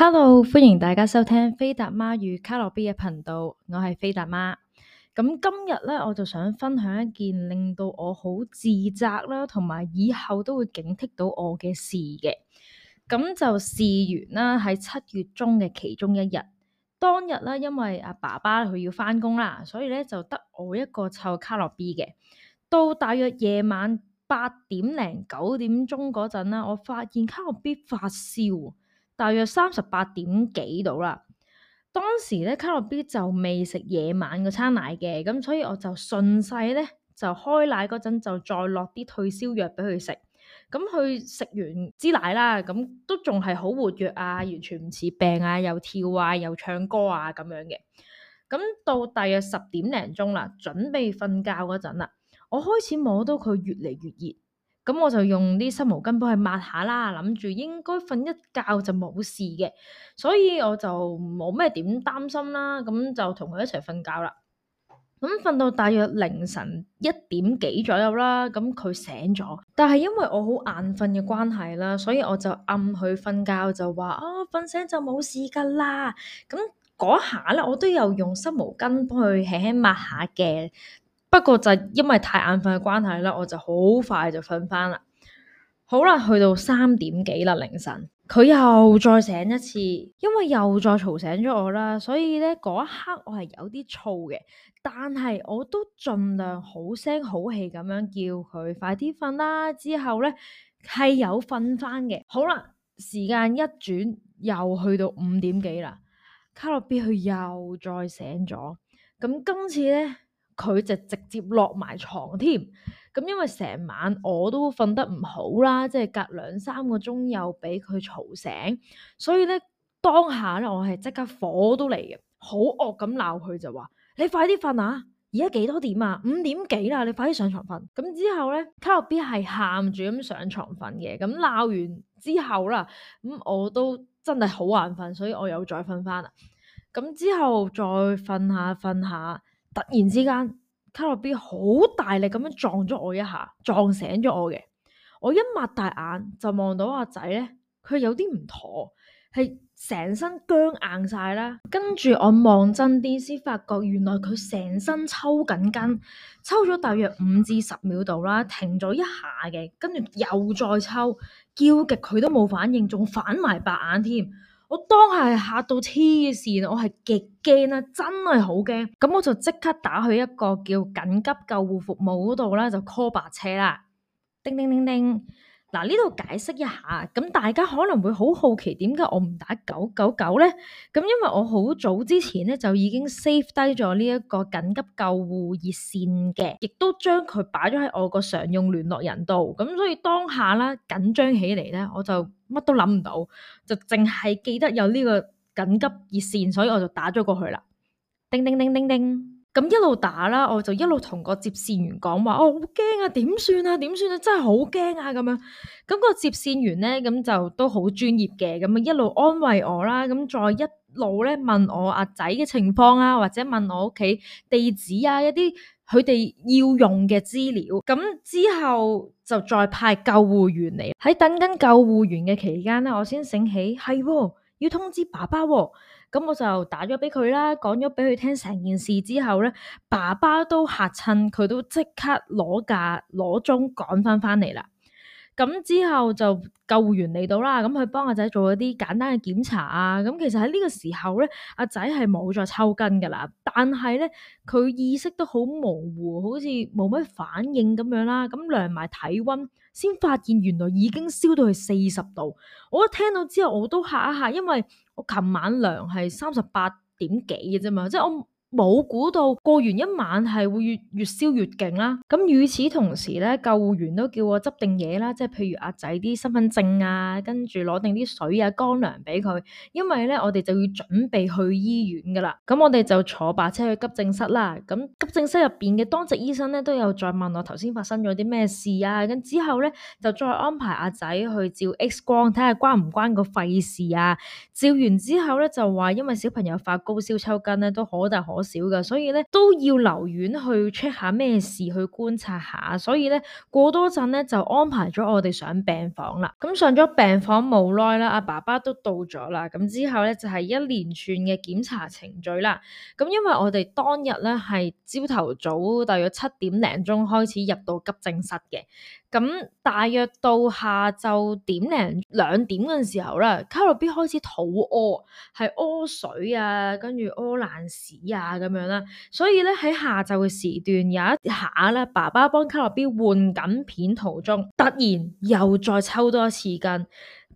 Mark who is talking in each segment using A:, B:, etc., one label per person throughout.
A: Hello，歡迎大家收聽菲達媽與卡樂 B 嘅頻道，我係菲達媽。咁今日咧，我就想分享一件令到我好自責啦，同埋以後都會警惕到我嘅事嘅。咁就事緣啦，喺七月中嘅其中一日，當日咧，因為阿、啊、爸爸佢要翻工啦，所以咧就得我一個湊卡樂 B 嘅。到大約夜晚八點零九點鐘嗰陣啦，我發現卡樂 B 發燒。大約三十八點幾度啦，當時咧卡樂 B 就未食夜晚嘅餐奶嘅，咁所以我就順勢咧就開奶嗰陣就再落啲退燒藥俾佢食，咁佢食完支奶啦，咁都仲係好活躍啊，完全唔似病啊，又跳啊，又唱歌啊咁樣嘅，咁到大約十點零鐘啦，準備瞓覺嗰陣啦，我開始摸到佢越嚟越熱。咁我就用啲濕毛巾幫佢抹下啦，諗住應該瞓一覺就冇事嘅，所以我就冇咩點擔心啦，咁就同佢一齊瞓覺啦。咁瞓到大約凌晨一點幾左右啦，咁佢醒咗，但係因為我好眼瞓嘅關係啦，所以我就暗佢瞓覺就話哦，瞓醒就冇事噶啦。咁嗰下咧，我都有用濕毛巾幫佢輕輕抹下嘅。不過就因為太眼瞓嘅關係咧，我就好快就瞓翻啦。好啦，去到三點幾啦凌晨，佢又再醒一次，因為又再嘈醒咗我啦，所以咧嗰一刻我係有啲燥嘅，但係我都盡量好聲好氣咁樣叫佢快啲瞓啦。之後咧係有瞓翻嘅。好啦，時間一轉又去到五點幾啦，卡樂 B 佢又再醒咗。咁今次咧。佢就直接落埋床添，咁因為成晚我都瞓得唔好啦，即係隔兩三個鐘又俾佢嘈醒，所以咧當下咧我係即刻火都嚟嘅，好惡咁鬧佢就話：你快啲瞓啊！而家幾多點啊？五點幾啦！你快啲上床瞓。咁之後咧，卡樂 B 係喊住咁上床瞓嘅。咁鬧完之後啦，咁我都真係好眼瞓，所以我又再瞓翻啦。咁之後再瞓下瞓下，突然之間，卡樂 B 好大力咁樣撞咗我一下，撞醒咗我嘅。我一擘大眼就望到阿仔咧，佢有啲唔妥，係成身僵硬晒啦。跟住我望真啲，先發覺原來佢成身抽緊筋，抽咗大約五至十秒度啦，停咗一下嘅，跟住又再抽，叫極佢都冇反應，仲反埋白眼添。我當時嚇到黐線，我係極驚啦，真係好驚，咁我就即刻打去一個叫緊急救護服務嗰度咧，就 call 白車啦，叮叮叮叮。嗱，呢度解釋一下，咁大家可能會好好奇，點解我唔打九九九咧？咁因為我好早之前咧就已經 save 低咗呢一個緊急救護熱線嘅，亦都將佢擺咗喺我個常用聯絡人度，咁所以當下啦緊張起嚟咧，我就乜都諗唔到，就淨係記得有呢個緊急熱線，所以我就打咗過去啦，叮叮叮叮叮。咁一路打啦，我就一路同個接線員講話，哦，好驚啊，點算啊，點算啊，真係好驚啊咁樣。咁個接線員咧，咁就都好專業嘅，咁一路安慰我啦，咁再一路咧問我阿仔嘅情況啊，或者問我屋企地址啊，一啲佢哋要用嘅資料。咁之後就再派救護員嚟。喺等緊救護員嘅期間咧，我先醒起，係喎，要通知爸爸喎。咁我就打咗畀佢啦，講咗畀佢聽成件事之後咧，爸爸都嚇親，佢都即刻攞架攞鐘趕翻翻嚟啦。咁之後就救護員嚟到啦，咁佢幫阿仔做一啲簡單嘅檢查啊，咁其實喺呢個時候咧，阿仔係冇再抽筋噶啦，但係咧佢意識都好模糊，好似冇乜反應咁樣啦，咁量埋體温，先發現原來已經燒到去四十度，我一聽到之後我都嚇一嚇，因為我琴晚量係三十八點幾嘅啫嘛，即係我。冇估到過完一晚係會越越燒越勁啦、啊。咁與此同時咧，救護員都叫我執定嘢啦，即係譬如阿仔啲身份證啊，跟住攞定啲水啊、乾糧俾佢，因為咧我哋就要準備去醫院噶啦。咁我哋就坐白車去急症室啦。咁急症室入邊嘅當值醫生咧都有再問我頭先發生咗啲咩事啊。咁之後咧就再安排阿仔去照 X 光，睇下關唔關個肺事啊。照完之後咧就話因為小朋友發高燒抽筋咧都好大，係少嘅，所以咧都要留院去 check 下咩事，去觀察下。所以咧過多陣咧就安排咗我哋上病房啦。咁、嗯、上咗病房冇耐啦，阿、啊、爸爸都到咗啦。咁、嗯、之後咧就係、是、一連串嘅檢查程序啦。咁、嗯、因為我哋當日咧係朝頭早大約七點零鐘開始入到急症室嘅。咁大約到下晝點零兩點嗰陣時候啦，卡樂 B 開始肚屙，係屙水啊，跟住屙爛屎啊咁樣啦。所以咧喺下晝嘅時段，有一下啦，爸爸幫卡樂 B 換緊片途中，突然又再抽多一次筋。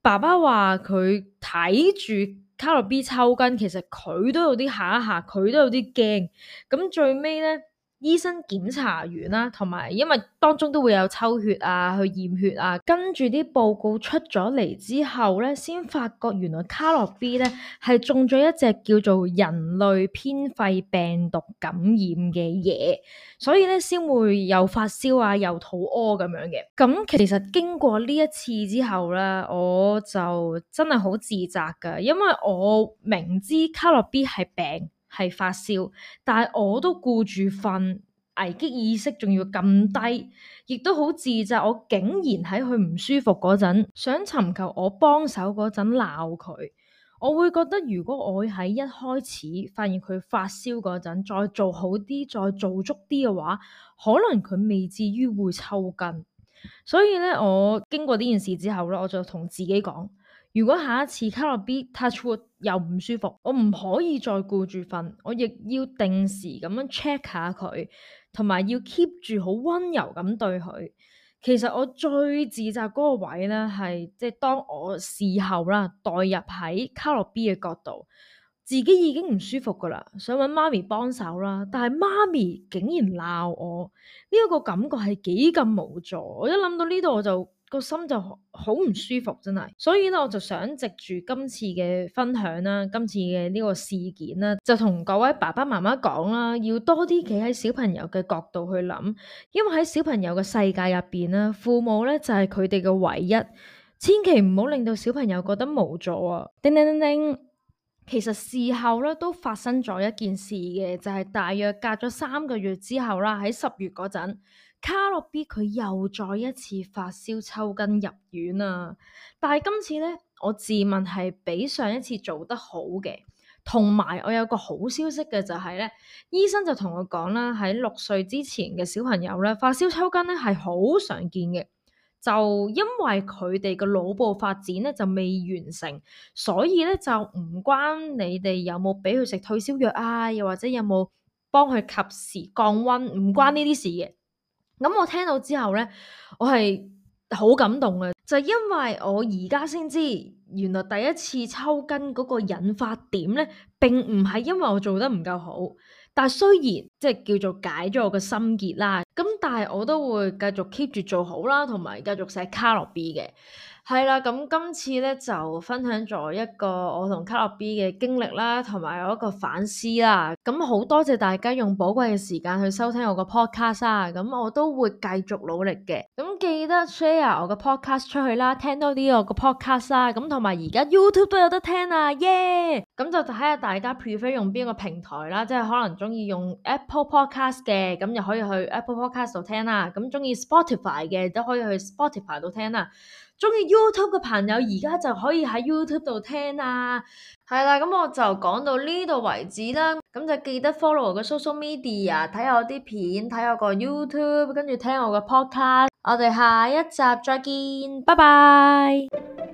A: 爸爸話佢睇住卡樂 B 抽筋，其實佢都有啲嚇一嚇，佢都有啲驚。咁最尾咧。醫生檢查完啦，同埋因為當中都會有抽血啊、去驗血啊，跟住啲報告出咗嚟之後咧，先發覺原來卡樂 B 咧係中咗一隻叫做人類偏肺病毒感染嘅嘢，所以咧先會又發燒啊、又肚屙咁樣嘅。咁其實經過呢一次之後咧，我就真係好自責噶，因為我明知卡樂 B 係病。係發燒，但係我都顧住瞓，危機意識仲要咁低，亦都好自責。我竟然喺佢唔舒服嗰陣，想尋求我幫手嗰陣鬧佢。我會覺得如果我喺一開始發現佢發燒嗰陣，再做好啲，再做足啲嘅話，可能佢未至於會抽筋。所以咧，我經過呢件事之後咧，我就同自己講。如果下一次卡樂 B touch wood，又唔舒服，我唔可以再顧住瞓，我亦要定時咁樣 check 下佢，同埋要 keep 住好溫柔咁對佢。其實我最自責嗰個位咧，係即係當我事後啦，代入喺卡樂 B 嘅角度，自己已經唔舒服噶啦，想揾媽咪幫手啦，但係媽咪竟然鬧我，呢一個感覺係幾咁無助。我一諗到呢度，我就～個心就好唔舒服，真係。所以咧，我就想藉住今次嘅分享啦，今次嘅呢個事件啦，就同各位爸爸媽媽講啦，要多啲企喺小朋友嘅角度去諗，因為喺小朋友嘅世界入邊咧，父母咧就係佢哋嘅唯一，千祈唔好令到小朋友覺得無助啊！叮叮叮叮，其實事後咧都發生咗一件事嘅，就係、是、大約隔咗三個月之後啦，喺十月嗰陣。卡樂 B 佢又再一次發燒抽筋入院啊！但係今次咧，我自問係比上一次做得好嘅，同埋我有個好消息嘅就係咧，醫生就同我講啦，喺六歲之前嘅小朋友咧，發燒抽筋咧係好常見嘅，就因為佢哋嘅腦部發展咧就未完成，所以咧就唔關你哋有冇俾佢食退燒藥啊，又或者有冇幫佢及時降溫，唔關呢啲事嘅。咁我聽到之後咧，我係好感動嘅，就係因為我而家先知，原來第一次抽筋嗰個引發點咧並唔係因為我做得唔夠好，但係雖然即係叫做解咗我個心結啦，咁但係我都會繼續 keep 住做好啦，同埋繼續寫卡樂 B 嘅。係啦，咁今次咧就分享咗一個我同卡樂 B 嘅經歷啦，同埋有一個反思啦。咁好多謝大家用寶貴嘅時間去收聽我個 podcast 啊！咁我都會繼續努力嘅。咁記得 share 我個 podcast 出去啦，聽多啲我個 podcast 啦。咁同埋而家 YouTube 都有得聽啊，耶！咁就睇下大家 prefer 用邊個平台啦，即係可能中意用 Apple Podcast 嘅，咁就可以去 Apple Podcast 度聽啦。咁中意 Spotify 嘅都可以去 Spotify 度聽啦。中意 YouTube 嘅朋友，而家就可以喺 YouTube 度聽啊，係啦，咁我就講到呢度為止啦。咁就記得 follow 我嘅 social media，睇我啲片，睇我個 YouTube，跟住聽我嘅 podcast。我哋下一集再見，拜拜。